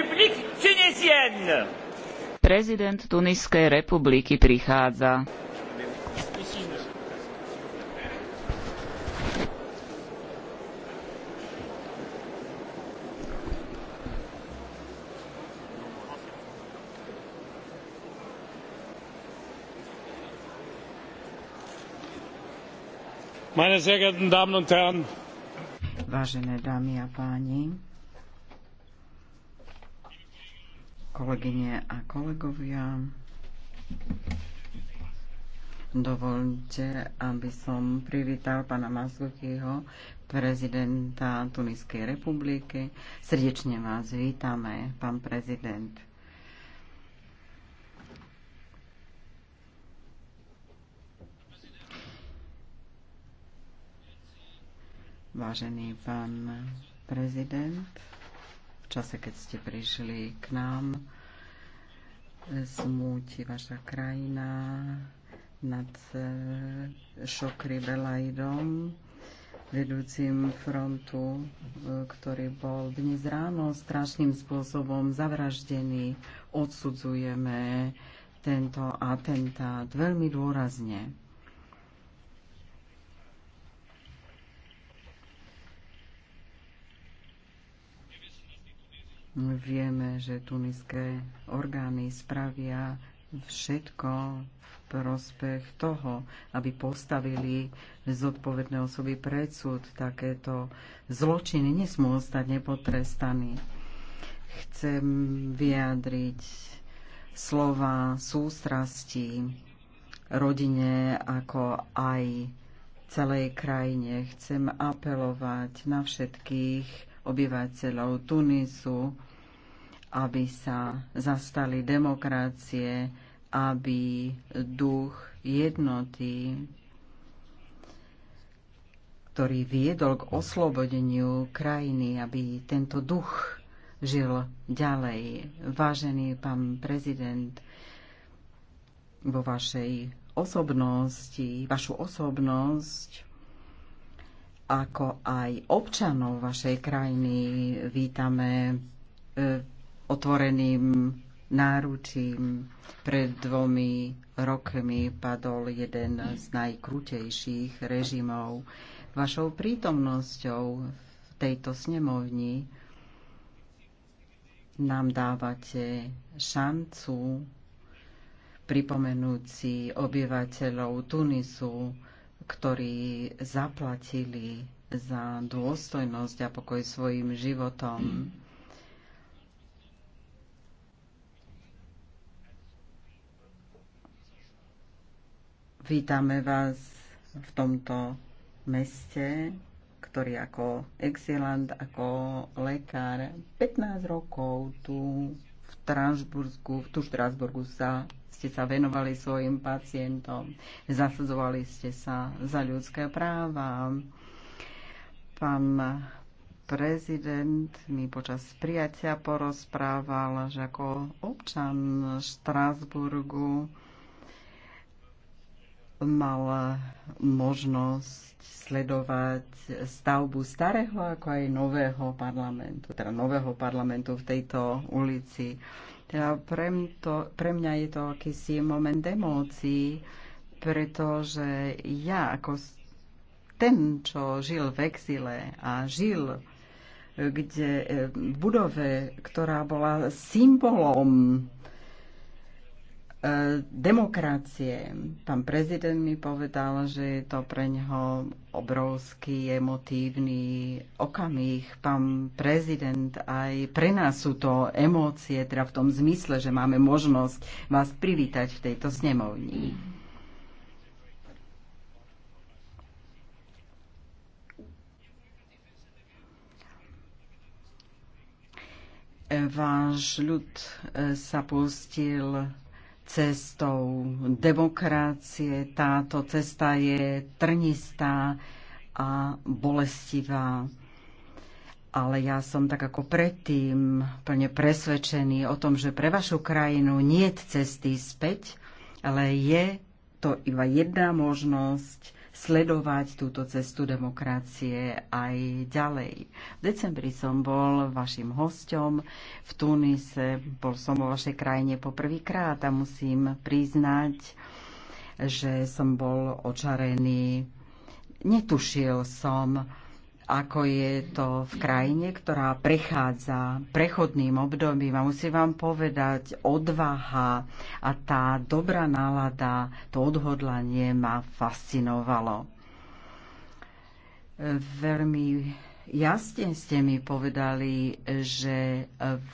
République tunisienne. Prezident Tuniskej republiky prichádza. Meine sehr geehrten Damen und Herren, Vážené dámy a páni, kolegyne a kolegovia. Dovolte, aby som privítal pána Masgukiho, prezidenta Tuniskej republiky. Srdečne vás vítame, pán prezident. Vážený pán prezident, v čase, keď ste prišli k nám. Smúti vaša krajina nad eh, Šokry Belajdom, vedúcim frontu, eh, ktorý bol dnes ráno strašným spôsobom zavraždený. Odsudzujeme tento atentát veľmi dôrazne. Vieme, že tuniské orgány spravia všetko v prospech toho, aby postavili zodpovedné osoby pred súd. Takéto zločiny nesmú ostať nepotrestaní. Chcem vyjadriť slova sústrasti rodine, ako aj celej krajine. Chcem apelovať na všetkých obyvateľov Tunisu, aby sa zastali demokracie, aby duch jednoty, ktorý viedol k oslobodeniu krajiny, aby tento duch žil ďalej. Vážený pán prezident, vo vašej osobnosti, vašu osobnosť, ako aj občanov vašej krajiny vítame e, otvoreným náručím pred dvomi rokmi padol jeden z najkrutejších režimov. Vašou prítomnosťou v tejto snemovni nám dávate šancu pripomenúť si obyvateľov Tunisu, ktorí zaplatili za dôstojnosť a pokoj svojim životom. Vítame vás v tomto meste, ktorý ako exilant, ako lekár 15 rokov tu v Transburgu, v tu Štrasburgu sa, ste sa venovali svojim pacientom, zasadzovali ste sa za ľudské práva. Pán prezident mi počas prijatia porozprával, že ako občan Štrásburgu mala možnosť sledovať stavbu starého ako aj nového parlamentu, teda nového parlamentu v tejto ulici. Teda pre, to, pre mňa je to akýsi moment emócií, pretože ja ako ten, čo žil v exile a žil eh, kde eh, v budove, ktorá bola symbolom E, demokracie. Pán prezident mi povedal, že je to pre neho obrovský emotívny okamih. Pán prezident, aj pre nás sú to emócie, teda v tom zmysle, že máme možnosť vás privítať v tejto snemovni. Váš ľud e, sa pustil cestou demokracie. Táto cesta je trnistá a bolestivá. Ale ja som tak ako predtým plne presvedčený o tom, že pre vašu krajinu nie je cesty späť, ale je to iba jedna možnosť sledovať túto cestu demokracie aj ďalej. V decembri som bol vašim hosťom v Tunise, bol som vo vašej krajine poprvýkrát a musím priznať, že som bol očarený. Netušil som, ako je to v krajine, ktorá prechádza prechodným obdobím. A musím vám povedať, odvaha a tá dobrá nálada, to odhodlanie ma fascinovalo. Veľmi jasne ste mi povedali, že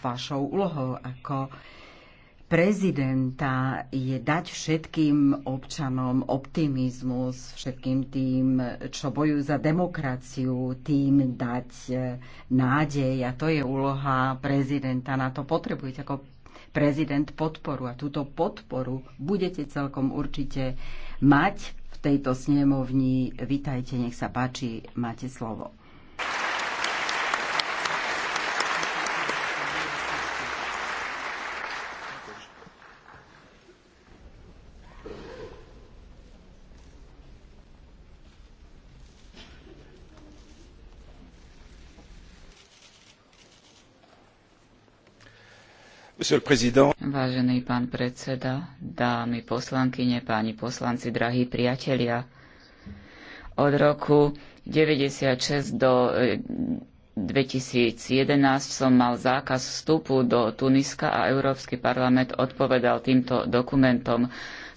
vašou úlohou ako prezidenta je dať všetkým občanom optimizmus, všetkým tým, čo bojujú za demokraciu, tým dať e, nádej. A to je úloha prezidenta. Na to potrebujete ako prezident podporu. A túto podporu budete celkom určite mať v tejto snemovni. Vitajte, nech sa páči, máte slovo. Vážený pán predseda, dámy poslankyne, páni poslanci, drahí priatelia, od roku 96 do 2011 e, som mal zákaz vstupu do Tuniska a Európsky parlament odpovedal týmto dokumentom.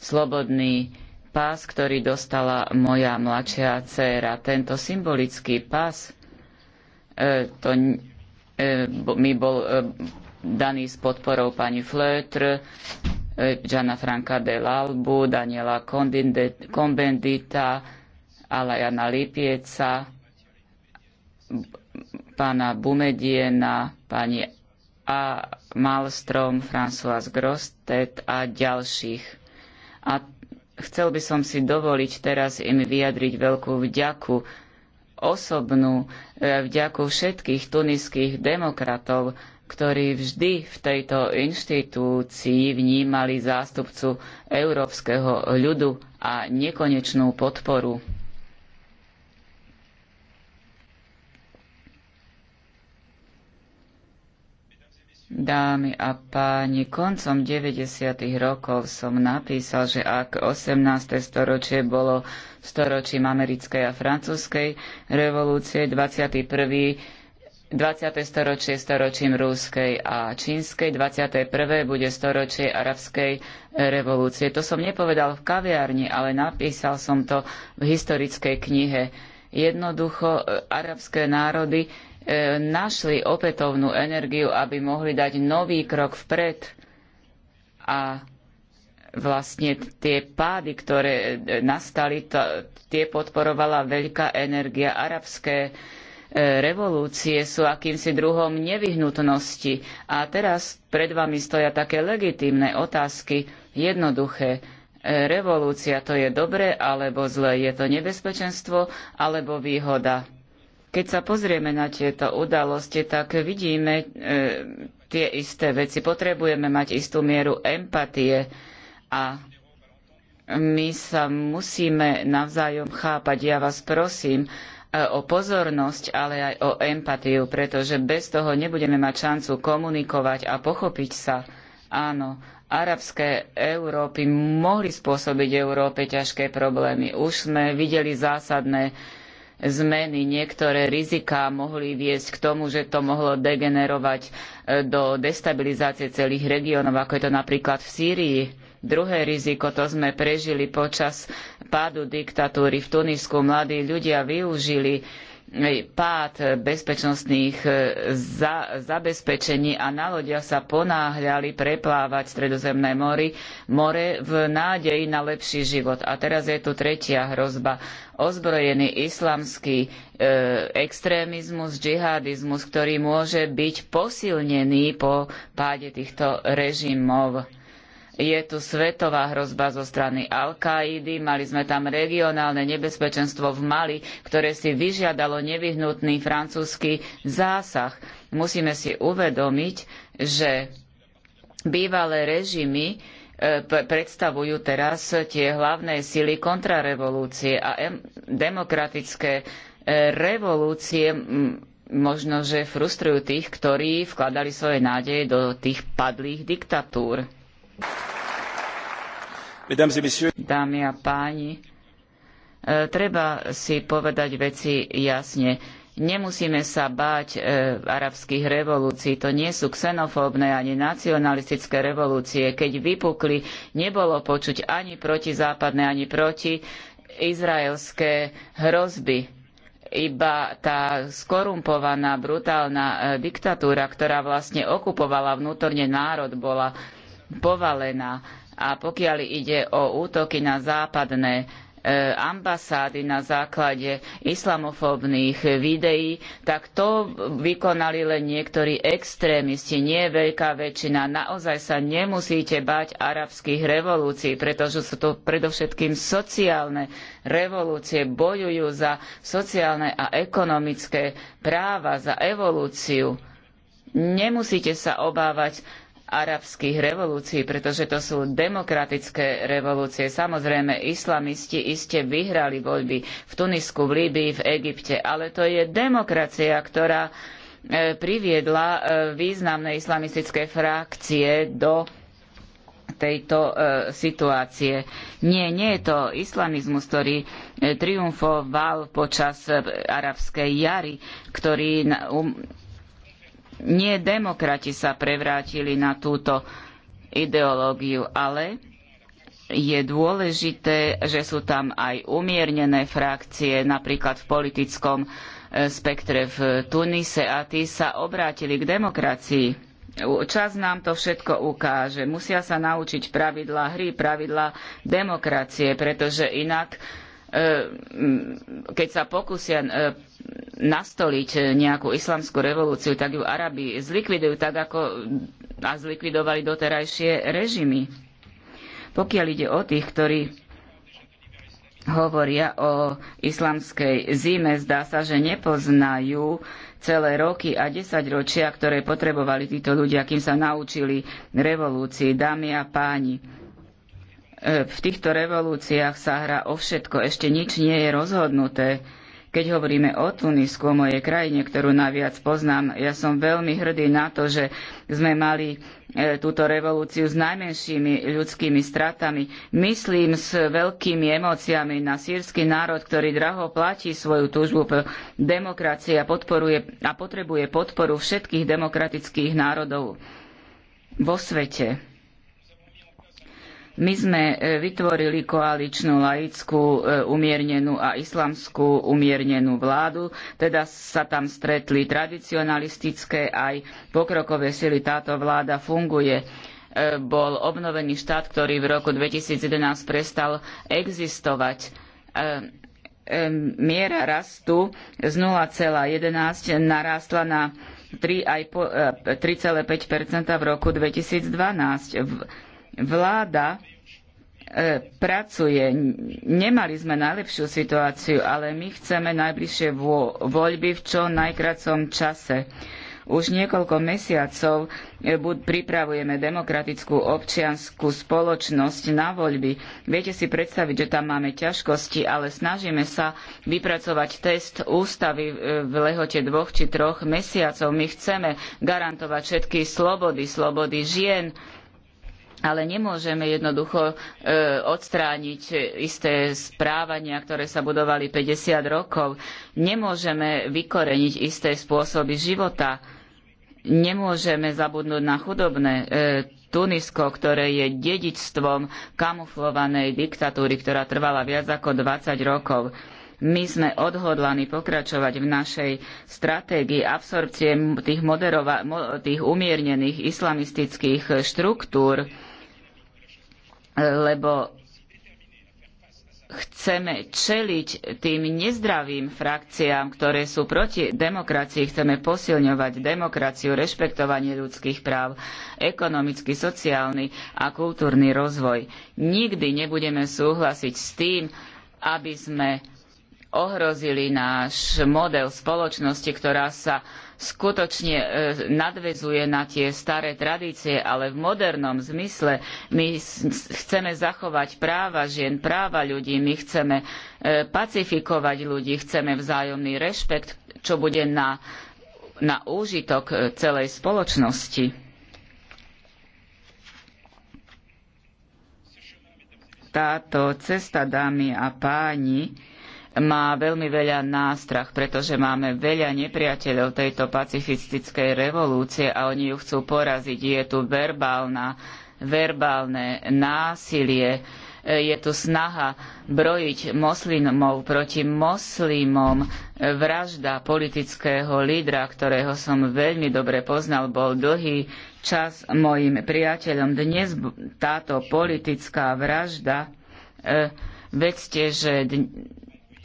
Slobodný pás, ktorý dostala moja mladšia dcéra. Tento symbolický pás, e, to E, mi bol e, daný s podporou pani Flötr, e, Gianna Franca dell'Albu, Daniela Kombendita, Alajana Lipieca, pána Bumediena, pani A. Malstrom, François Grostet a ďalších. A chcel by som si dovoliť teraz im vyjadriť veľkú vďaku osobnú e, vďaku všetkých tuniských demokratov, ktorí vždy v tejto inštitúcii vnímali zástupcu európskeho ľudu a nekonečnú podporu. Dámy a páni, koncom 90. rokov som napísal, že ak 18. storočie bolo storočím americkej a francúzskej revolúcie, 21. 20. storočie storočím rúskej a čínskej, 21. bude storočie arabskej revolúcie. To som nepovedal v kaviarni, ale napísal som to v historickej knihe. Jednoducho, e, arabské národy E, našli opätovnú energiu, aby mohli dať nový krok vpred a vlastne tie pády, ktoré e, nastali, to, tie podporovala veľká energia. Arabské e, revolúcie sú akýmsi druhom nevyhnutnosti. A teraz pred vami stoja také legitímne otázky, jednoduché. Revolúcia to je dobre alebo zle, je to nebezpečenstvo alebo výhoda keď sa pozrieme na tieto udalosti, tak vidíme e, tie isté veci. Potrebujeme mať istú mieru empatie a my sa musíme navzájom chápať. Ja vás prosím e, o pozornosť, ale aj o empatiu, pretože bez toho nebudeme mať šancu komunikovať a pochopiť sa. Áno, arabské Európy mohli spôsobiť Európe ťažké problémy. Už sme videli zásadné zmeny, niektoré riziká mohli viesť k tomu, že to mohlo degenerovať e, do destabilizácie celých regiónov, ako je to napríklad v Sýrii. Druhé riziko, to sme prežili počas pádu diktatúry v Tunisku. Mladí ľudia využili pád bezpečnostných e, za, zabezpečení a na lodiach sa ponáhľali preplávať stredozemné mori, more v nádeji na lepší život. A teraz je tu tretia hrozba. Ozbrojený islamský e, extrémizmus, džihadizmus, ktorý môže byť posilnený po páde týchto režimov je tu svetová hrozba zo strany Al-Kaidy, mali sme tam regionálne nebezpečenstvo v Mali, ktoré si vyžiadalo nevyhnutný francúzsky zásah. Musíme si uvedomiť, že bývalé režimy e, predstavujú teraz tie hlavné sily kontrarevolúcie a demokratické e, revolúcie možno, že frustrujú tých, ktorí vkladali svoje nádeje do tých padlých diktatúr. Dámy a páni, e, treba si povedať veci jasne. Nemusíme sa báť e, arabských revolúcií. To nie sú xenofóbne ani nacionalistické revolúcie. Keď vypukli, nebolo počuť ani protizápadné, ani proti izraelské hrozby. Iba tá skorumpovaná, brutálna e, diktatúra, ktorá vlastne okupovala vnútorne národ, bola povalená. A pokiaľ ide o útoky na západné e, ambasády na základe islamofóbnych videí, tak to vykonali len niektorí extrémisti, nie veľká väčšina. Naozaj sa nemusíte bať arabských revolúcií, pretože sú to predovšetkým sociálne revolúcie, bojujú za sociálne a ekonomické práva, za evolúciu. Nemusíte sa obávať arabských revolúcií, pretože to sú demokratické revolúcie. Samozrejme, islamisti iste vyhrali voľby v Tunisku, v Líbii, v Egypte, ale to je demokracia, ktorá e, priviedla e, významné islamistické frakcie do tejto e, situácie. Nie, nie je to islamizmus, ktorý triumfoval počas arabskej jary, ktorý um, nie demokrati sa prevrátili na túto ideológiu, ale je dôležité, že sú tam aj umiernené frakcie, napríklad v politickom e, spektre v Tunise a tí sa obrátili k demokracii. Čas nám to všetko ukáže. Musia sa naučiť pravidlá hry, pravidlá demokracie, pretože inak e, keď sa pokúsia e, nastoliť nejakú islamskú revolúciu, tak ju Arabi zlikvidujú tak, ako a zlikvidovali doterajšie režimy. Pokiaľ ide o tých, ktorí hovoria o islamskej zime, zdá sa, že nepoznajú celé roky a desaťročia, ktoré potrebovali títo ľudia, kým sa naučili revolúcii. Dámy a páni, e, v týchto revolúciách sa hrá o všetko, ešte nič nie je rozhodnuté. Keď hovoríme o Tunisku, o mojej krajine, ktorú naviac poznám, ja som veľmi hrdý na to, že sme mali e, túto revolúciu s najmenšími ľudskými stratami. Myslím s veľkými emóciami na sírsky národ, ktorý draho platí svoju túžbu po demokracii a, podporuje, a potrebuje podporu všetkých demokratických národov vo svete. My sme e, vytvorili koaličnú laickú e, umiernenú a islamskú umiernenú vládu, teda sa tam stretli tradicionalistické aj pokrokové sily. Táto vláda funguje e, bol obnovený štát, ktorý v roku 2011 prestal existovať. Miera rastu z 0,11 narástla na 3,5 v roku 2012 vláda e, pracuje. Nemali sme najlepšiu situáciu, ale my chceme najbližšie voľby v čo najkracom čase. Už niekoľko mesiacov e, pripravujeme demokratickú občiansku spoločnosť na voľby. Viete si predstaviť, že tam máme ťažkosti, ale snažíme sa vypracovať test ústavy e, v lehote dvoch či troch mesiacov. My chceme garantovať všetky slobody, slobody žien, ale nemôžeme jednoducho e, odstrániť isté správania, ktoré sa budovali 50 rokov. Nemôžeme vykoreniť isté spôsoby života. Nemôžeme zabudnúť na chudobné e, Tunisko, ktoré je dedičstvom kamuflovanej diktatúry, ktorá trvala viac ako 20 rokov. My sme odhodlaní pokračovať v našej stratégii absorpcie tých, moderova- tých umiernených islamistických štruktúr, lebo chceme čeliť tým nezdravým frakciám, ktoré sú proti demokracii, chceme posilňovať demokraciu, rešpektovanie ľudských práv, ekonomický, sociálny a kultúrny rozvoj. Nikdy nebudeme súhlasiť s tým, aby sme ohrozili náš model spoločnosti, ktorá sa skutočne e, nadvezuje na tie staré tradície, ale v modernom zmysle my chceme zachovať práva žien, práva ľudí, my chceme e, pacifikovať ľudí, chceme vzájomný rešpekt, čo bude na, na úžitok e, celej spoločnosti. Táto cesta, dámy a páni, má veľmi veľa nástrach, pretože máme veľa nepriateľov tejto pacifistickej revolúcie a oni ju chcú poraziť. Je tu verbálna, verbálne násilie, je tu snaha brojiť moslimov proti moslimom, vražda politického lídra, ktorého som veľmi dobre poznal, bol dlhý čas mojim priateľom. Dnes táto politická vražda, eh, vedzte, že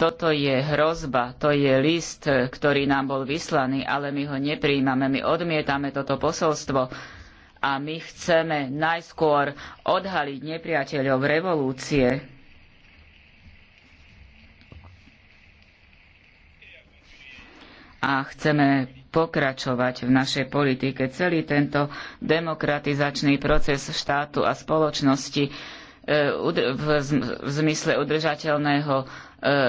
toto je hrozba, to je list, ktorý nám bol vyslaný, ale my ho nepríjmame, my odmietame toto posolstvo a my chceme najskôr odhaliť nepriateľov revolúcie. A chceme pokračovať v našej politike. Celý tento demokratizačný proces štátu a spoločnosti E, v zmysle udržateľného e,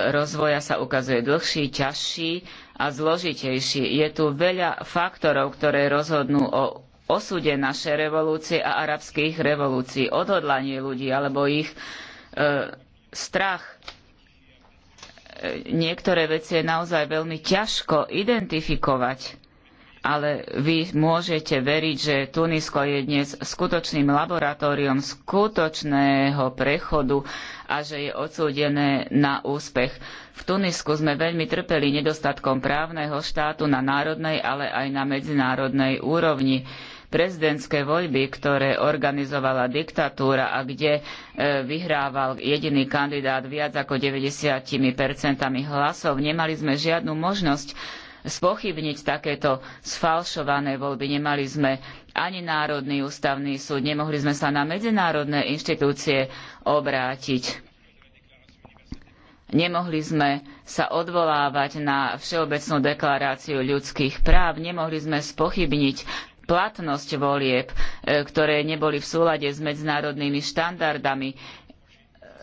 rozvoja sa ukazuje dlhší, ťažší a zložitejší. Je tu veľa faktorov, ktoré rozhodnú o osude našej revolúcie a arabských revolúcií, odhodlanie ľudí alebo ich e, strach. E, niektoré veci je naozaj veľmi ťažko identifikovať ale vy môžete veriť, že Tunisko je dnes skutočným laboratóriom skutočného prechodu a že je odsúdené na úspech. V Tunisku sme veľmi trpeli nedostatkom právneho štátu na národnej, ale aj na medzinárodnej úrovni. Prezidentské voľby, ktoré organizovala diktatúra a kde e, vyhrával jediný kandidát viac ako 90 hlasov, nemali sme žiadnu možnosť spochybniť takéto sfalšované voľby. Nemali sme ani Národný ústavný súd, nemohli sme sa na medzinárodné inštitúcie obrátiť. Nemohli sme sa odvolávať na Všeobecnú deklaráciu ľudských práv, nemohli sme spochybniť platnosť volieb, e, ktoré neboli v súlade s medzinárodnými štandardami.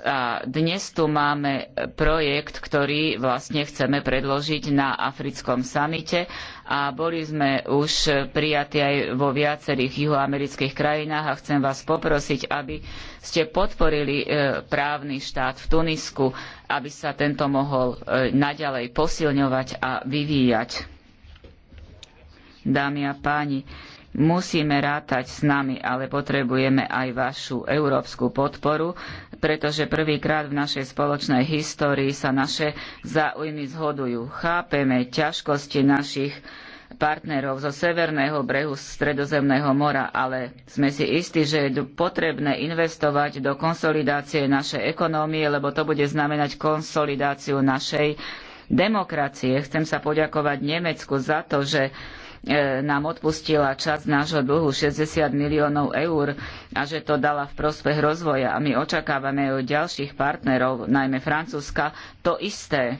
A dnes tu máme projekt, ktorý vlastne chceme predložiť na africkom samite a boli sme už prijatí aj vo viacerých juhoamerických krajinách a chcem vás poprosiť, aby ste podporili e, právny štát v Tunisku, aby sa tento mohol e, naďalej posilňovať a vyvíjať. Dámy a páni, Musíme rátať s nami, ale potrebujeme aj vašu európsku podporu, pretože prvýkrát v našej spoločnej histórii sa naše záujmy zhodujú. Chápeme ťažkosti našich partnerov zo severného brehu Stredozemného mora, ale sme si istí, že je potrebné investovať do konsolidácie našej ekonómie, lebo to bude znamenať konsolidáciu našej demokracie. Chcem sa poďakovať Nemecku za to, že E, nám odpustila časť nášho dlhu 60 miliónov eur a že to dala v prospech rozvoja. A my očakávame od ďalších partnerov, najmä Francúzska, to isté.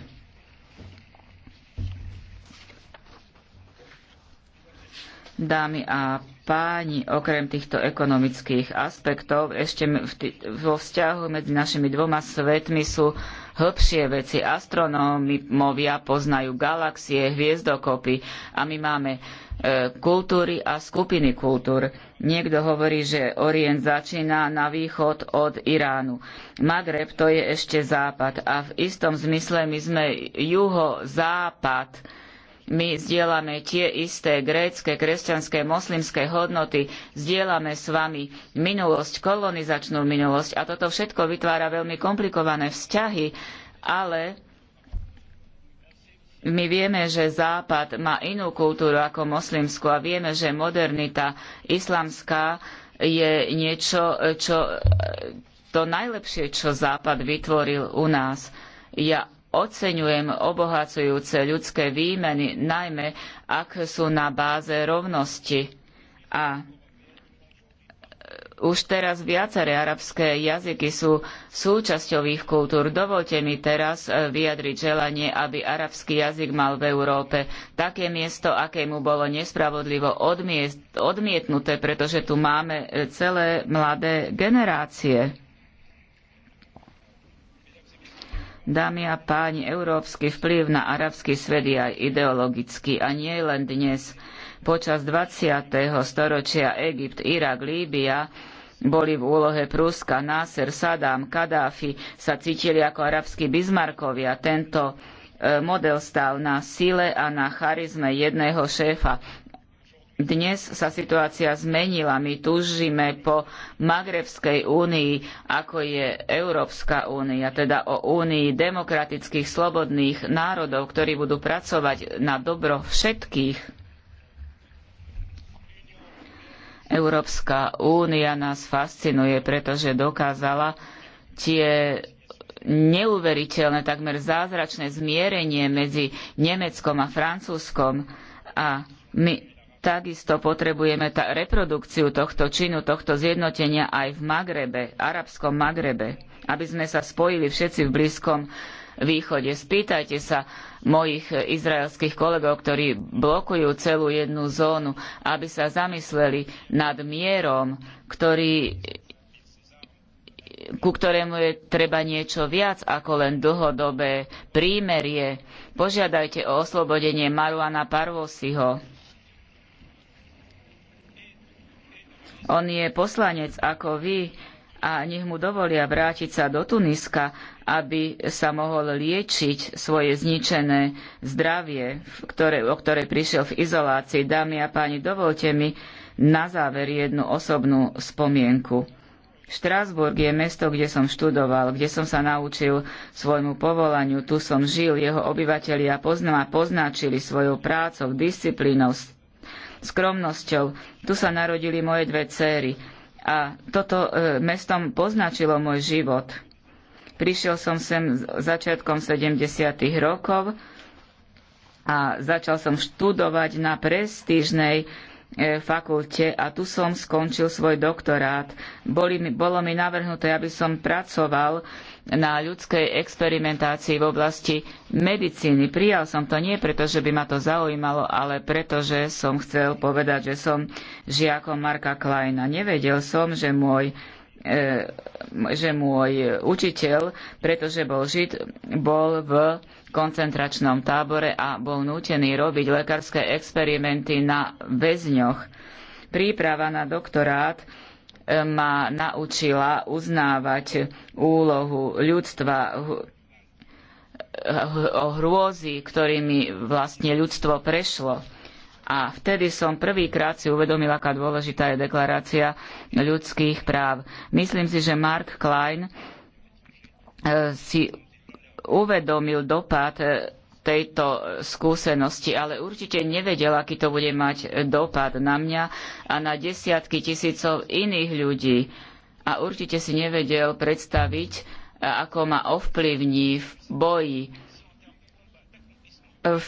Dámy a páni, okrem týchto ekonomických aspektov, ešte vo vzťahu medzi našimi dvoma svetmi sú hĺbšie veci. Astronómovia poznajú galaxie, hviezdokopy a my máme e, kultúry a skupiny kultúr. Niekto hovorí, že Orient začína na východ od Iránu. Magreb to je ešte západ a v istom zmysle my sme juho-západ my zdieľame tie isté grécke, kresťanské, moslimské hodnoty, zdieľame s vami minulosť, kolonizačnú minulosť a toto všetko vytvára veľmi komplikované vzťahy, ale my vieme, že Západ má inú kultúru ako moslimskú a vieme, že modernita islamská je niečo, čo to najlepšie, čo Západ vytvoril u nás. Ja oceňujem obohacujúce ľudské výmeny, najmä ak sú na báze rovnosti. A e, už teraz viaceré arabské jazyky sú súčasťou ich kultúr. Dovolte mi teraz e, vyjadriť želanie, aby arabský jazyk mal v Európe také miesto, aké mu bolo nespravodlivo odmietnuté, pretože tu máme e, celé mladé generácie. Dámy a páni, európsky vplyv na arabský svet je aj ideologický a nie len dnes. Počas 20. storočia Egypt, Irak, Líbia boli v úlohe Pruska, Nasser, Saddam, Kadáfi sa cítili ako arabskí Bismarckovia. Tento e, model stál na sile a na charizme jedného šéfa. Dnes sa situácia zmenila. My túžime po Magrebskej únii, ako je Európska únia, teda o únii demokratických, slobodných národov, ktorí budú pracovať na dobro všetkých. Európska únia nás fascinuje, pretože dokázala tie neuveriteľné, takmer zázračné zmierenie medzi Nemeckom a Francúzskom a my Takisto potrebujeme tá reprodukciu tohto činu, tohto zjednotenia aj v Magrebe, arabskom Magrebe, aby sme sa spojili všetci v blízkom východe. Spýtajte sa mojich izraelských kolegov, ktorí blokujú celú jednu zónu, aby sa zamysleli nad mierom, ktorý ku ktorému je treba niečo viac ako len dlhodobé prímerie. Požiadajte o oslobodenie Maruana Parvosiho On je poslanec ako vy a nech mu dovolia vrátiť sa do Tuniska, aby sa mohol liečiť svoje zničené zdravie, ktoré, o ktoré prišiel v izolácii. Dámy a páni, dovolte mi na záver jednu osobnú spomienku. Štrásburg je mesto, kde som študoval, kde som sa naučil svojmu povolaniu, tu som žil, jeho obyvatelia a poznačili svojou prácou, disciplínou, skromnosťou. Tu sa narodili moje dve céry a toto e, mestom poznačilo môj život. Prišiel som sem začiatkom 70. rokov a začal som študovať na prestížnej E, fakulte a tu som skončil svoj doktorát. Boli, bolo mi navrhnuté, aby som pracoval na ľudskej experimentácii v oblasti medicíny. Prijal som to nie preto, že by ma to zaujímalo, ale preto, že som chcel povedať, že som žiakom Marka Kleina. Nevedel som, že môj E, že môj učiteľ, pretože bol žid, bol v koncentračnom tábore a bol nútený robiť lekárske experimenty na väzňoch. Príprava na doktorát e, ma naučila uznávať úlohu ľudstva o hrôzy, ktorými vlastne ľudstvo prešlo a vtedy som prvýkrát si uvedomil, aká dôležitá je deklarácia ľudských práv. Myslím si, že Mark Klein e, si uvedomil dopad e, tejto skúsenosti, ale určite nevedel, aký to bude mať dopad na mňa a na desiatky tisícov iných ľudí. A určite si nevedel predstaviť, e, ako ma ovplyvní v boji. V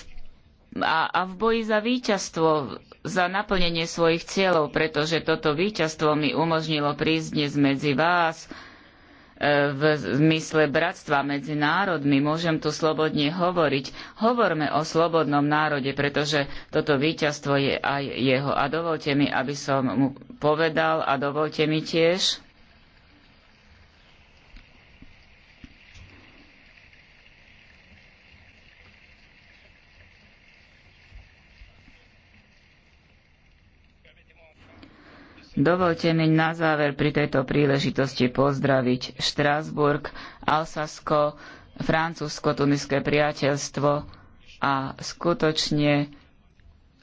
a, a v boji za víťazstvo, za naplnenie svojich cieľov, pretože toto víťazstvo mi umožnilo prísť dnes medzi vás e, v zmysle bratstva medzi národmi. Môžem tu slobodne hovoriť. Hovorme o slobodnom národe, pretože toto víťazstvo je aj jeho. A dovolte mi, aby som mu povedal a dovolte mi tiež, Dovolte mi na záver pri tejto príležitosti pozdraviť Štrásburg, Alsasko, francúzsko-tuniské priateľstvo a skutočne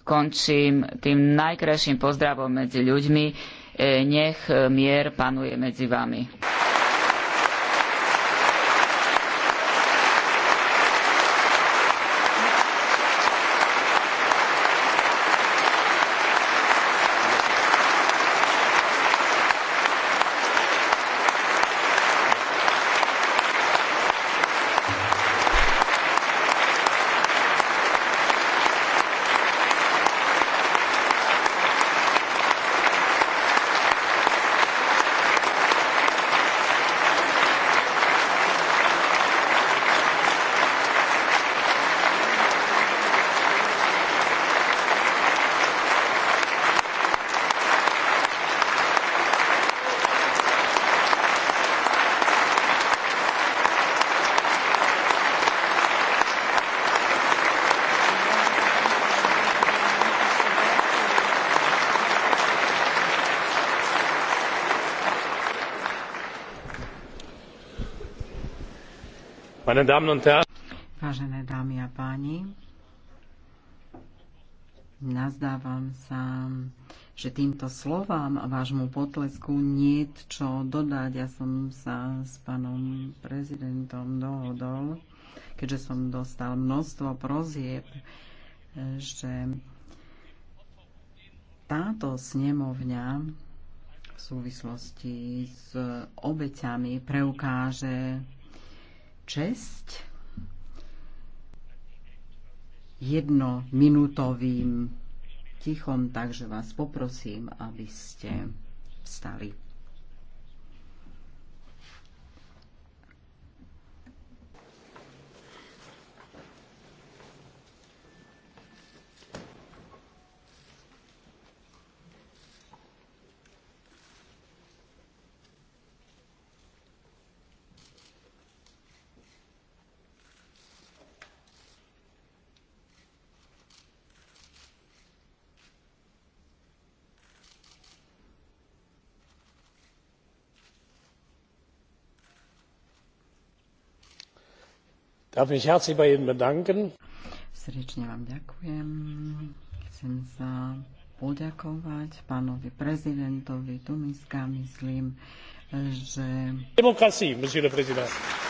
končím tým najkrajším pozdravom medzi ľuďmi. E, nech mier panuje medzi vami. Vážené dámy a páni, nazdávam sa, že týmto slovám a vášmu potlesku niečo dodať. Ja som sa s pánom prezidentom dohodol, keďže som dostal množstvo prozieb, že táto snemovňa v súvislosti s obeťami preukáže česť jednominútovým tichom, takže vás poprosím, aby ste vstali. Darf mich herzlich bei Ihnen bedanken. Srdečne vám ďakujem. Chcem sa poďakovať pánovi prezidentovi Tuniska. Myslím, že... Demokracii, monsieur le président.